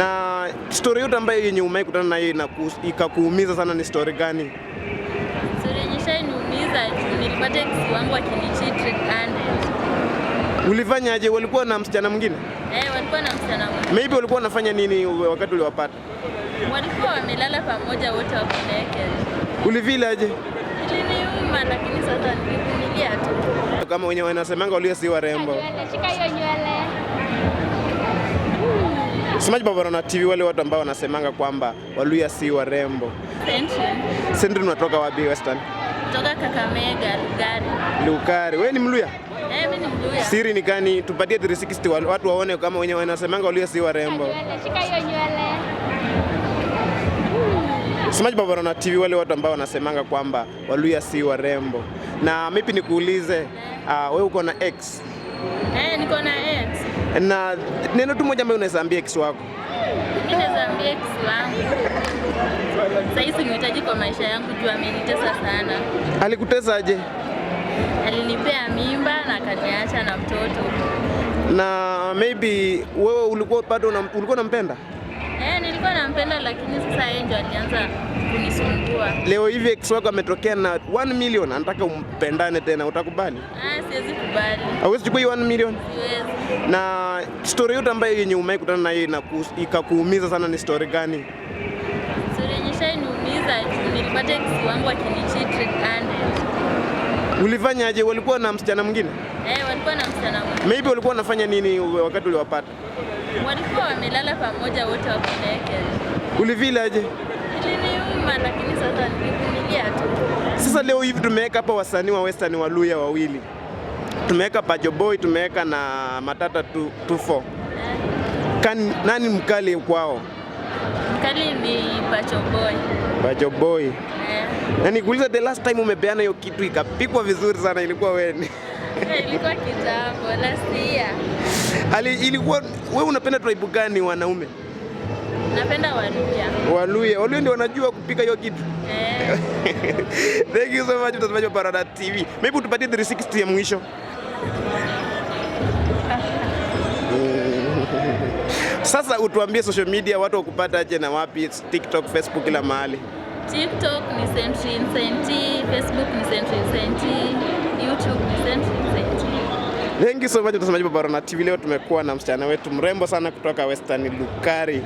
Na story yote ambayo yenye umewahi kutana na yeye ikakuumiza sana ni story gani? Story yenye shaniumiza nilipata ex wangu akinicheat and ulifanyaje? Walikuwa na msichana mwingine? Eh, walikuwa na msichana mwingine. Maybe walikuwa wanafanya nini wakati uliwapata? Walikuwa wamelala pamoja wote wako naked. Ulivilaje? Iliniuma lakini sasa nilivumilia tu. Kama wenye wanasemanga walio si warembo. Shika hiyo nywele. Semaji Pambano na TV, wale watu ambao wanasemanga kwamba Waluya si warembo. Sentry, unatoka wapi Western? Kutoka Kakamega, Lugari. Lugari. Wewe ni Mluya? Eh, mimi ni Mluya. Siri ni gani? Tupatie 360 watu waone kama wenye wanasemanga Waluya si warembo. Shika hiyo nywele. Semaji Pambano na TV, wale watu ambao wanasemanga kwamba Waluya si warembo. Na mipi nikuulize, uh, wewe uko na X? Eh, niko na X na neno tu moja ambayo unaweza ambia ex wako? Mimi naweza ambia wangu, sasa hizi nimehitaji kwa maisha yangu juu amenitesa sana. Alikutesaje? Alinipea mimba na akaniacha na mtoto. Na maybe wewe ulikuwa bado ulikuwa unampenda? Eh, nilikuwa nampenda lakini sasa yeye ndio alianza kunisumbua. Leo hivi ex wako ametokea na 1 million anataka umpendane tena utakubali? Ah, siwezi kubali. Hawezi chukua hiyo 1 million? Siwezi. Na story yote ambayo yenye umai kutana na yeye na ikakuumiza sana ni story gani? Story yenye shaniumiza nilipata ex wangu akinicheat and Ulifanyaje? walikuwa na msichana mwingine? Eh, walikuwa na msichana mwingine. Maybe walikuwa wanafanya nini wakati uliwapata? walikuwa wamelala pamoja wote wako naked. Ulivila aje? Iliniuma lakini sasa nilivumilia tu. Sasa leo hivi tumeweka hapa wasanii wa western wa Luya wawili, tumeweka Pajo Boy, tumeweka na Matata 24 Kani, nani mkali kwao? Mkali ni Pacho Boy. Pacho Boy. Yeah. Na nikuuliza the last time umepeana hiyo kitu ikapikwa vizuri sana ilikuwa weni? Eh, ilikuwa kitambo last year. Ali, ilikuwa wewe unapenda tribe gani wanaume? Napenda Waluya. Waluya. Waluya ndio wanajua kupika hiyo kitu. Eh. Thank you so much mtazamaji wa Parada TV. Maybe utupatie 360 ya mwisho. Sasa utuambie social media watu wakupata aje na wapi? TikTok, Facebook kila mahali. TikTok ni Sentry Incenti, Facebook ni Sentry Incenti. Thank you so much mtazamaji wa Barona TV. Leo tumekuwa na msichana wetu mrembo sana kutoka Western Lukari.